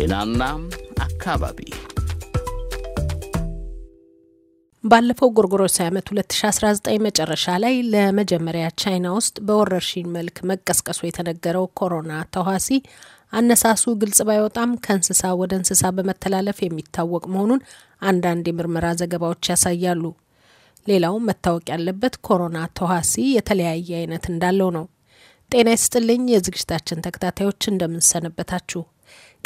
ጤናና አካባቢ ባለፈው ጎርጎሮሳዊ ዓመት 2019 መጨረሻ ላይ ለመጀመሪያ ቻይና ውስጥ በወረርሽኝ መልክ መቀስቀሱ የተነገረው ኮሮና ተዋሲ አነሳሱ ግልጽ ባይወጣም ከእንስሳ ወደ እንስሳ በመተላለፍ የሚታወቅ መሆኑን አንዳንድ የምርመራ ዘገባዎች ያሳያሉ። ሌላው መታወቅ ያለበት ኮሮና ተዋሲ የተለያየ አይነት እንዳለው ነው። ጤና ይስጥልኝ የዝግጅታችን ተከታታዮች እንደምንሰነበታችሁ።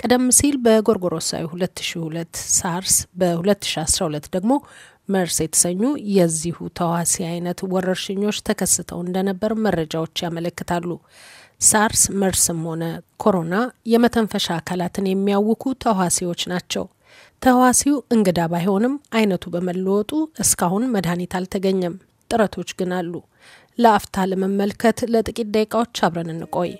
ቀደም ሲል በጎርጎሮሳዊ 2002 ሳርስ፣ በ2012 ደግሞ መርስ የተሰኙ የዚሁ ተዋሲ አይነት ወረርሽኞች ተከስተው እንደነበር መረጃዎች ያመለክታሉ። ሳርስ፣ መርስም ሆነ ኮሮና የመተንፈሻ አካላትን የሚያውኩ ተዋሲዎች ናቸው። ተዋሲው እንግዳ ባይሆንም አይነቱ በመለወጡ እስካሁን መድኃኒት አልተገኘም። ጥረቶች ግን አሉ። ለአፍታ ለመመልከት ለጥቂት ደቂቃዎች አብረን እንቆይ።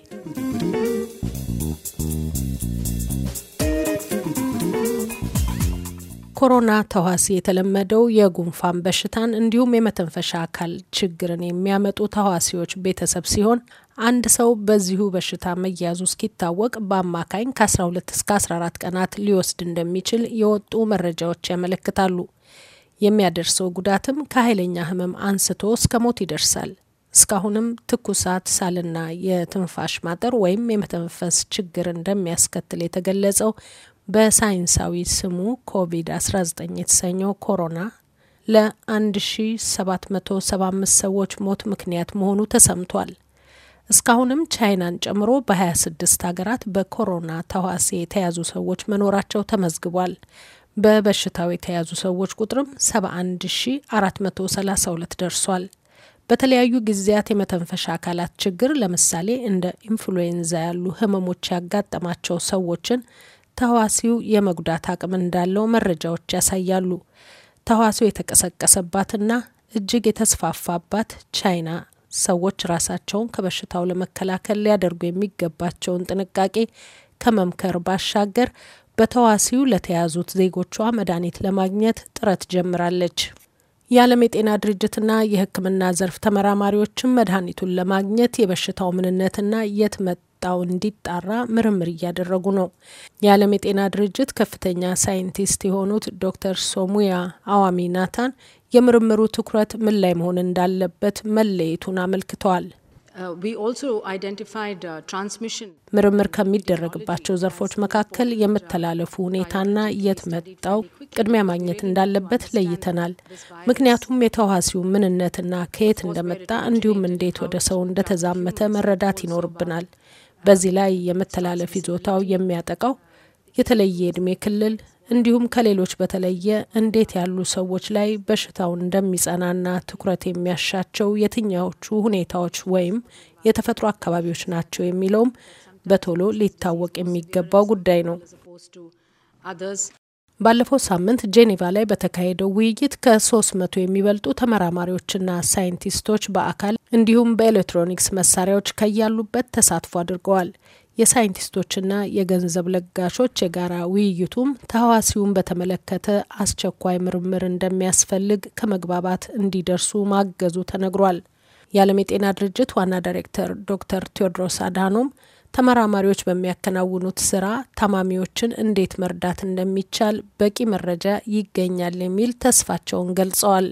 ኮሮና ተዋሲ የተለመደው የጉንፋን በሽታን እንዲሁም የመተንፈሻ አካል ችግርን የሚያመጡ ተዋሲዎች ቤተሰብ ሲሆን አንድ ሰው በዚሁ በሽታ መያዙ እስኪታወቅ በአማካኝ ከ12 እስከ 14 ቀናት ሊወስድ እንደሚችል የወጡ መረጃዎች ያመለክታሉ። የሚያደርሰው ጉዳትም ከኃይለኛ ህመም አንስቶ እስከ ሞት ይደርሳል። እስካሁንም ትኩሳት፣ ሳልና የትንፋሽ ማጠር ወይም የመተንፈስ ችግር እንደሚያስከትል የተገለጸው በሳይንሳዊ ስሙ ኮቪድ-19 የተሰኘው ኮሮና ለ1775 ሰዎች ሞት ምክንያት መሆኑ ተሰምቷል። እስካሁንም ቻይናን ጨምሮ በ26 ሀገራት በኮሮና ተዋሲ የተያዙ ሰዎች መኖራቸው ተመዝግቧል። በበሽታው የተያዙ ሰዎች ቁጥርም 71432 ደርሷል። በተለያዩ ጊዜያት የመተንፈሻ አካላት ችግር ለምሳሌ እንደ ኢንፍሉዌንዛ ያሉ ህመሞች ያጋጠማቸው ሰዎችን ተህዋሲው የመጉዳት አቅም እንዳለው መረጃዎች ያሳያሉ። ተህዋሲው የተቀሰቀሰባትና እጅግ የተስፋፋባት ቻይና ሰዎች ራሳቸውን ከበሽታው ለመከላከል ሊያደርጉ የሚገባቸውን ጥንቃቄ ከመምከር ባሻገር በተዋሲው ለተያዙት ዜጎቿ መድኃኒት ለማግኘት ጥረት ጀምራለች። የዓለም የጤና ድርጅትና የሕክምና ዘርፍ ተመራማሪዎችም መድኃኒቱን ለማግኘት የበሽታው ምንነትና የት የወጣው እንዲጣራ ምርምር እያደረጉ ነው። የዓለም የጤና ድርጅት ከፍተኛ ሳይንቲስት የሆኑት ዶክተር ሶሙያ አዋሚ ናታን የምርምሩ ትኩረት ምን ላይ መሆን እንዳለበት መለየቱን አመልክተዋል። uh, uh, ምርምር ከሚደረግባቸው ዘርፎች መካከል የመተላለፉ ሁኔታና የት መጣው ቅድሚያ ማግኘት እንዳለበት ለይተናል። ምክንያቱም የተዋሲው ምንነትና ከየት እንደመጣ እንዲሁም እንዴት ወደ ሰው እንደተዛመተ መረዳት ይኖርብናል። በዚህ ላይ የመተላለፍ ይዞታው የሚያጠቃው የተለየ የእድሜ ክልል እንዲሁም ከሌሎች በተለየ እንዴት ያሉ ሰዎች ላይ በሽታው እንደሚጸናና ትኩረት የሚያሻቸው የትኛዎቹ ሁኔታዎች ወይም የተፈጥሮ አካባቢዎች ናቸው የሚለውም በቶሎ ሊታወቅ የሚገባው ጉዳይ ነው። ባለፈው ሳምንት ጄኔቫ ላይ በተካሄደው ውይይት ከሶስት መቶ የሚበልጡ ተመራማሪዎችና ሳይንቲስቶች በአካል እንዲሁም በኤሌክትሮኒክስ መሳሪያዎች ከያሉበት ተሳትፎ አድርገዋል። የሳይንቲስቶችና የገንዘብ ለጋሾች የጋራ ውይይቱም ተህዋሲውን በተመለከተ አስቸኳይ ምርምር እንደሚያስፈልግ ከመግባባት እንዲደርሱ ማገዙ ተነግሯል። የዓለም የጤና ድርጅት ዋና ዳይሬክተር ዶክተር ቴዎድሮስ አድሃኖም ተመራማሪዎች በሚያከናውኑት ስራ ታማሚዎችን እንዴት መርዳት እንደሚቻል በቂ መረጃ ይገኛል የሚል ተስፋቸውን ገልጸዋል።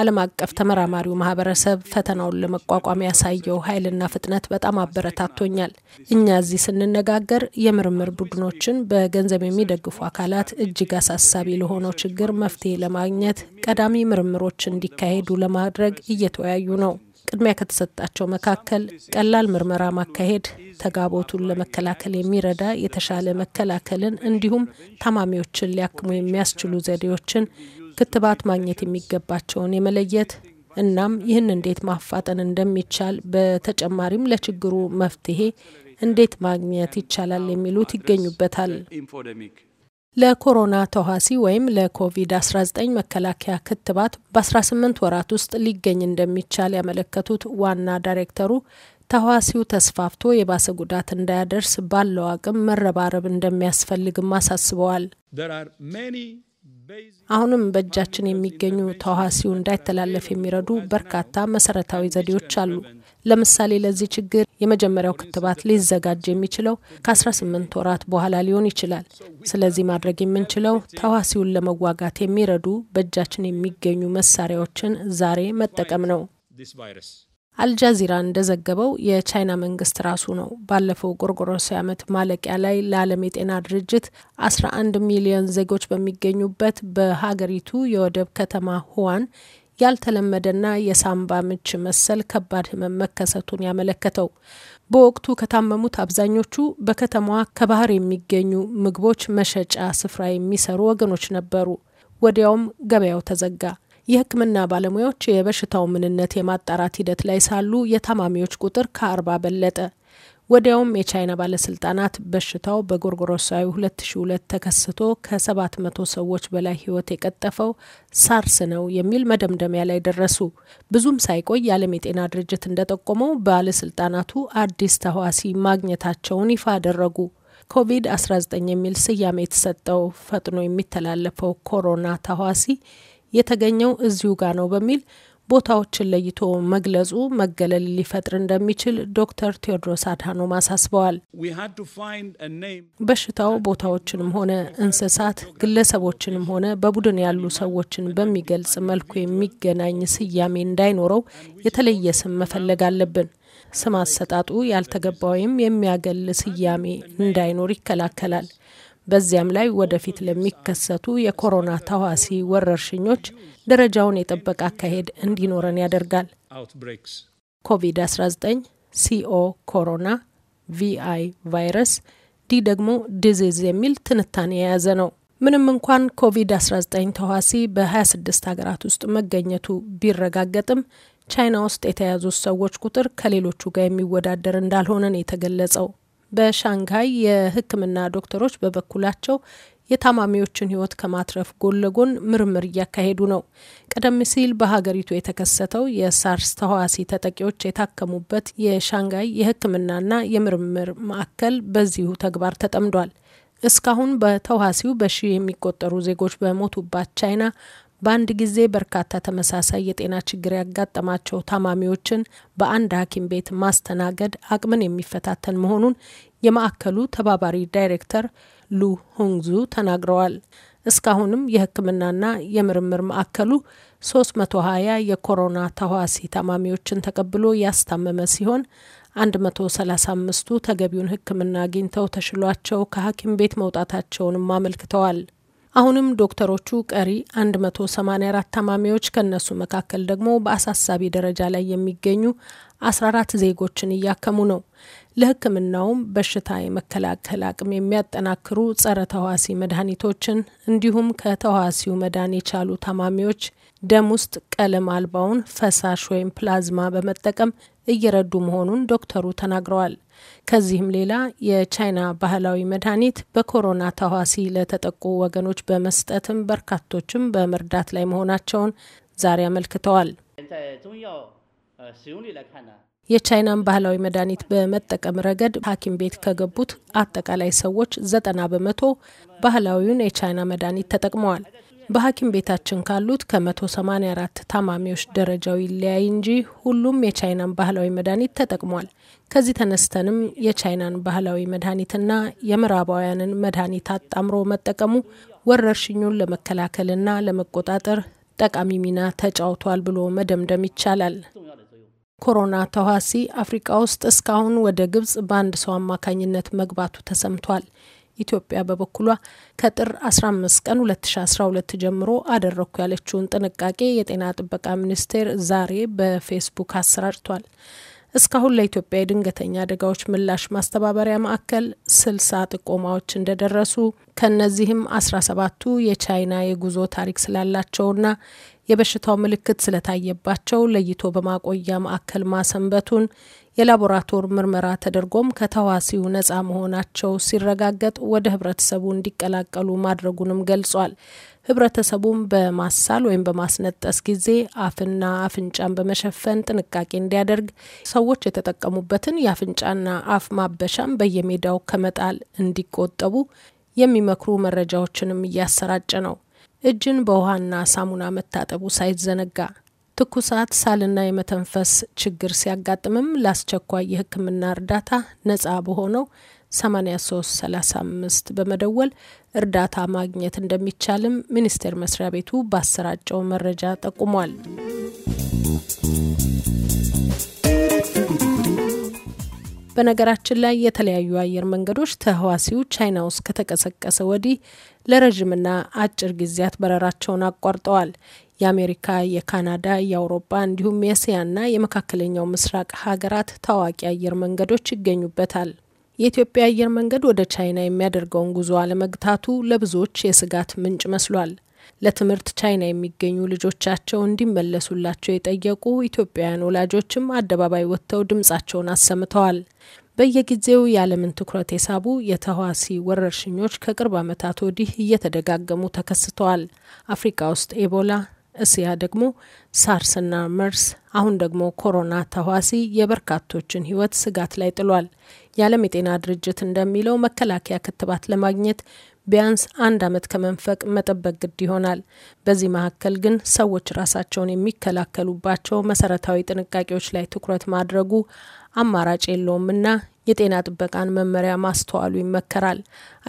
ዓለም አቀፍ ተመራማሪው ማህበረሰብ ፈተናውን ለመቋቋም ያሳየው ኃይልና ፍጥነት በጣም አበረታቶኛል። እኛ እዚህ ስንነጋገር የምርምር ቡድኖችን በገንዘብ የሚደግፉ አካላት እጅግ አሳሳቢ ለሆነው ችግር መፍትሄ ለማግኘት ቀዳሚ ምርምሮች እንዲካሄዱ ለማድረግ እየተወያዩ ነው። ቅድሚያ ከተሰጣቸው መካከል ቀላል ምርመራ ማካሄድ፣ ተጋቦቱን ለመከላከል የሚረዳ የተሻለ መከላከልን እንዲሁም ታማሚዎችን ሊያክሙ የሚያስችሉ ዘዴዎችን፣ ክትባት ማግኘት የሚገባቸውን የመለየት እናም ይህን እንዴት ማፋጠን እንደሚቻል በተጨማሪም ለችግሩ መፍትሄ እንዴት ማግኘት ይቻላል የሚሉት ይገኙበታል። ለኮሮና ተዋሲ ወይም ለኮቪድ-19 መከላከያ ክትባት በ18 ወራት ውስጥ ሊገኝ እንደሚቻል ያመለከቱት ዋና ዳይሬክተሩ ተዋሲው ተስፋፍቶ የባሰ ጉዳት እንዳያደርስ ባለው አቅም መረባረብ እንደሚያስፈልግም አሳስበዋል። አሁንም በእጃችን የሚገኙ ተዋሲው እንዳይተላለፍ የሚረዱ በርካታ መሰረታዊ ዘዴዎች አሉ። ለምሳሌ ለዚህ ችግር የመጀመሪያው ክትባት ሊዘጋጅ የሚችለው ከ18 ወራት በኋላ ሊሆን ይችላል። ስለዚህ ማድረግ የምንችለው ተዋሲውን ለመዋጋት የሚረዱ በእጃችን የሚገኙ መሳሪያዎችን ዛሬ መጠቀም ነው። አልጃዚራ እንደዘገበው የቻይና መንግስት ራሱ ነው ባለፈው ጎርጎሮሳዊ ዓመት ማለቂያ ላይ ለዓለም የጤና ድርጅት 11 ሚሊዮን ዜጎች በሚገኙበት በሀገሪቱ የወደብ ከተማ ሁዋን ያልተለመደና የሳምባ ምች መሰል ከባድ ህመም መከሰቱን ያመለከተው በወቅቱ ከታመሙት አብዛኞቹ በከተማዋ ከባህር የሚገኙ ምግቦች መሸጫ ስፍራ የሚሰሩ ወገኖች ነበሩ። ወዲያውም ገበያው ተዘጋ። የሕክምና ባለሙያዎች የበሽታው ምንነት የማጣራት ሂደት ላይ ሳሉ የታማሚዎች ቁጥር ከአርባ በለጠ። ወዲያውም የቻይና ባለስልጣናት በሽታው በጎርጎሮሳዊ 2002 ተከስቶ ከ700 ሰዎች በላይ ህይወት የቀጠፈው ሳርስ ነው የሚል መደምደሚያ ላይ ደረሱ። ብዙም ሳይቆይ የዓለም የጤና ድርጅት እንደጠቆመው ባለስልጣናቱ አዲስ ተህዋሲ ማግኘታቸውን ይፋ አደረጉ። ኮቪድ-19 የሚል ስያሜ የተሰጠው ፈጥኖ የሚተላለፈው ኮሮና ተህዋሲ የተገኘው እዚሁ ጋ ነው በሚል ቦታዎችን ለይቶ መግለጹ መገለል ሊፈጥር እንደሚችል ዶክተር ቴዎድሮስ አድሃኖም አሳስበዋል። በሽታው ቦታዎችንም ሆነ እንስሳት፣ ግለሰቦችንም ሆነ በቡድን ያሉ ሰዎችን በሚገልጽ መልኩ የሚገናኝ ስያሜ እንዳይኖረው የተለየ ስም መፈለግ አለብን። ስም አሰጣጡ ያልተገባ ወይም የሚያገል ስያሜ እንዳይኖር ይከላከላል። በዚያም ላይ ወደፊት ለሚከሰቱ የኮሮና ተዋሲ ወረርሽኞች ደረጃውን የጠበቀ አካሄድ እንዲኖረን ያደርጋል። ኮቪድ-19 ሲኦ ኮሮና፣ ቪአይ ቫይረስ፣ ዲ ደግሞ ዲዚዝ የሚል ትንታኔ የያዘ ነው። ምንም እንኳን ኮቪድ-19 ተዋሲ በ26 ሀገራት ውስጥ መገኘቱ ቢረጋገጥም ቻይና ውስጥ የተያዙት ሰዎች ቁጥር ከሌሎቹ ጋር የሚወዳደር እንዳልሆነ ነው የተገለጸው። በሻንጋይ የሕክምና ዶክተሮች በበኩላቸው የታማሚዎችን ህይወት ከማትረፍ ጎን ለጎን ምርምር እያካሄዱ ነው። ቀደም ሲል በሀገሪቱ የተከሰተው የሳርስ ተህዋሲ ተጠቂዎች የታከሙበት የሻንጋይ የህክምናና የምርምር ማዕከል በዚሁ ተግባር ተጠምዷል። እስካሁን በተዋሲው በሺ የሚቆጠሩ ዜጎች በሞቱባት ቻይና በአንድ ጊዜ በርካታ ተመሳሳይ የጤና ችግር ያጋጠማቸው ታማሚዎችን በአንድ ሐኪም ቤት ማስተናገድ አቅምን የሚፈታተን መሆኑን የማዕከሉ ተባባሪ ዳይሬክተር ሉ ሆንግዙ ተናግረዋል። እስካሁንም የሕክምናና የምርምር ማዕከሉ 320 የኮሮና ተዋሲ ታማሚዎችን ተቀብሎ ያስታመመ ሲሆን 135ቱ ተገቢውን ሕክምና አግኝተው ተሽሏቸው ከሐኪም ቤት መውጣታቸውንም አመልክተዋል። አሁንም ዶክተሮቹ ቀሪ 184 ታማሚዎች ከነሱ መካከል ደግሞ በአሳሳቢ ደረጃ ላይ የሚገኙ 14 ዜጎችን እያከሙ ነው። ለሕክምናውም በሽታ የመከላከል አቅም የሚያጠናክሩ ጸረ ተዋሲ መድኃኒቶችን እንዲሁም ከተዋሲው መዳን የቻሉ ታማሚዎች ደም ውስጥ ቀለም አልባውን ፈሳሽ ወይም ፕላዝማ በመጠቀም እየረዱ መሆኑን ዶክተሩ ተናግረዋል። ከዚህም ሌላ የቻይና ባህላዊ መድኃኒት በኮሮና ተዋሲ ለተጠቁ ወገኖች በመስጠትም በርካቶችም በመርዳት ላይ መሆናቸውን ዛሬ አመልክተዋል። የቻይናን ባህላዊ መድኃኒት በመጠቀም ረገድ ሐኪም ቤት ከገቡት አጠቃላይ ሰዎች ዘጠና በመቶ ባህላዊውን የቻይና መድኃኒት ተጠቅመዋል። በሐኪም ቤታችን ካሉት ከ184 ታማሚዎች ደረጃው ይለያይ እንጂ ሁሉም የቻይናን ባህላዊ መድኃኒት ተጠቅሟል። ከዚህ ተነስተንም የቻይናን ባህላዊ መድኃኒትና የምዕራባውያንን መድኃኒት አጣምሮ መጠቀሙ ወረርሽኙን ለመከላከልና ለመቆጣጠር ጠቃሚ ሚና ተጫውቷል ብሎ መደምደም ይቻላል። ኮሮና ተዋሲ አፍሪቃ ውስጥ እስካሁን ወደ ግብጽ በአንድ ሰው አማካኝነት መግባቱ ተሰምቷል። ኢትዮጵያ በበኩሏ ከጥር 15 ቀን 2012 ጀምሮ አደረግኩ ያለችውን ጥንቃቄ የጤና ጥበቃ ሚኒስቴር ዛሬ በፌስቡክ አሰራጭቷል። እስካሁን ለኢትዮጵያ የድንገተኛ አደጋዎች ምላሽ ማስተባበሪያ ማዕከል ስልሳ ጥቆማዎች እንደደረሱ ከእነዚህም አስራ ሰባቱ የቻይና የጉዞ ታሪክ ስላላቸውና የበሽታው ምልክት ስለታየባቸው ለይቶ በማቆያ ማዕከል ማሰንበቱን የላቦራቶር ምርመራ ተደርጎም ከተዋሲው ነጻ መሆናቸው ሲረጋገጥ ወደ ህብረተሰቡ እንዲቀላቀሉ ማድረጉንም ገልጿል። ህብረተሰቡም በማሳል ወይም በማስነጠስ ጊዜ አፍና አፍንጫን በመሸፈን ጥንቃቄ እንዲያደርግ፣ ሰዎች የተጠቀሙበትን የአፍንጫና አፍ ማበሻም በየሜዳው ከመጣል እንዲቆጠቡ የሚመክሩ መረጃዎችንም እያሰራጨ ነው። እጅን በውሃና ሳሙና መታጠቡ ሳይዘነጋ ትኩሳት፣ ሳልና የመተንፈስ ችግር ሲያጋጥምም ለአስቸኳይ የሕክምና እርዳታ ነጻ በሆነው 8335 በመደወል እርዳታ ማግኘት እንደሚቻልም ሚኒስቴር መስሪያ ቤቱ ባሰራጨው መረጃ ጠቁሟል። በነገራችን ላይ የተለያዩ አየር መንገዶች ተህዋሲው ቻይና ውስጥ ከተቀሰቀሰ ወዲህ ለረዥምና አጭር ጊዜያት በረራቸውን አቋርጠዋል። የአሜሪካ፣ የካናዳ፣ የአውሮፓ እንዲሁም የእስያና የመካከለኛው ምስራቅ ሀገራት ታዋቂ አየር መንገዶች ይገኙበታል። የኢትዮጵያ አየር መንገድ ወደ ቻይና የሚያደርገውን ጉዞ አለመግታቱ ለብዙዎች የስጋት ምንጭ መስሏል። ለትምህርት ቻይና የሚገኙ ልጆቻቸው እንዲመለሱላቸው የጠየቁ ኢትዮጵያውያን ወላጆችም አደባባይ ወጥተው ድምጻቸውን አሰምተዋል። በየጊዜው የዓለምን ትኩረት የሳቡ የተህዋሲ ወረርሽኞች ከቅርብ ዓመታት ወዲህ እየተደጋገሙ ተከስተዋል። አፍሪካ ውስጥ ኤቦላ፣ እስያ ደግሞ ሳርስና መርስ አሁን ደግሞ ኮሮና ተዋሲ የበርካቶችን ህይወት ስጋት ላይ ጥሏል። የዓለም የጤና ድርጅት እንደሚለው መከላከያ ክትባት ለማግኘት ቢያንስ አንድ ዓመት ከመንፈቅ መጠበቅ ግድ ይሆናል። በዚህ መካከል ግን ሰዎች ራሳቸውን የሚከላከሉባቸው መሰረታዊ ጥንቃቄዎች ላይ ትኩረት ማድረጉ አማራጭ የለውምና የጤና ጥበቃን መመሪያ ማስተዋሉ ይመከራል።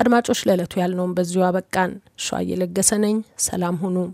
አድማጮች፣ ለዕለቱ ያልነውም በዚሁ አበቃን። ሸ እየለገሰ ነኝ። ሰላም ሁኑ።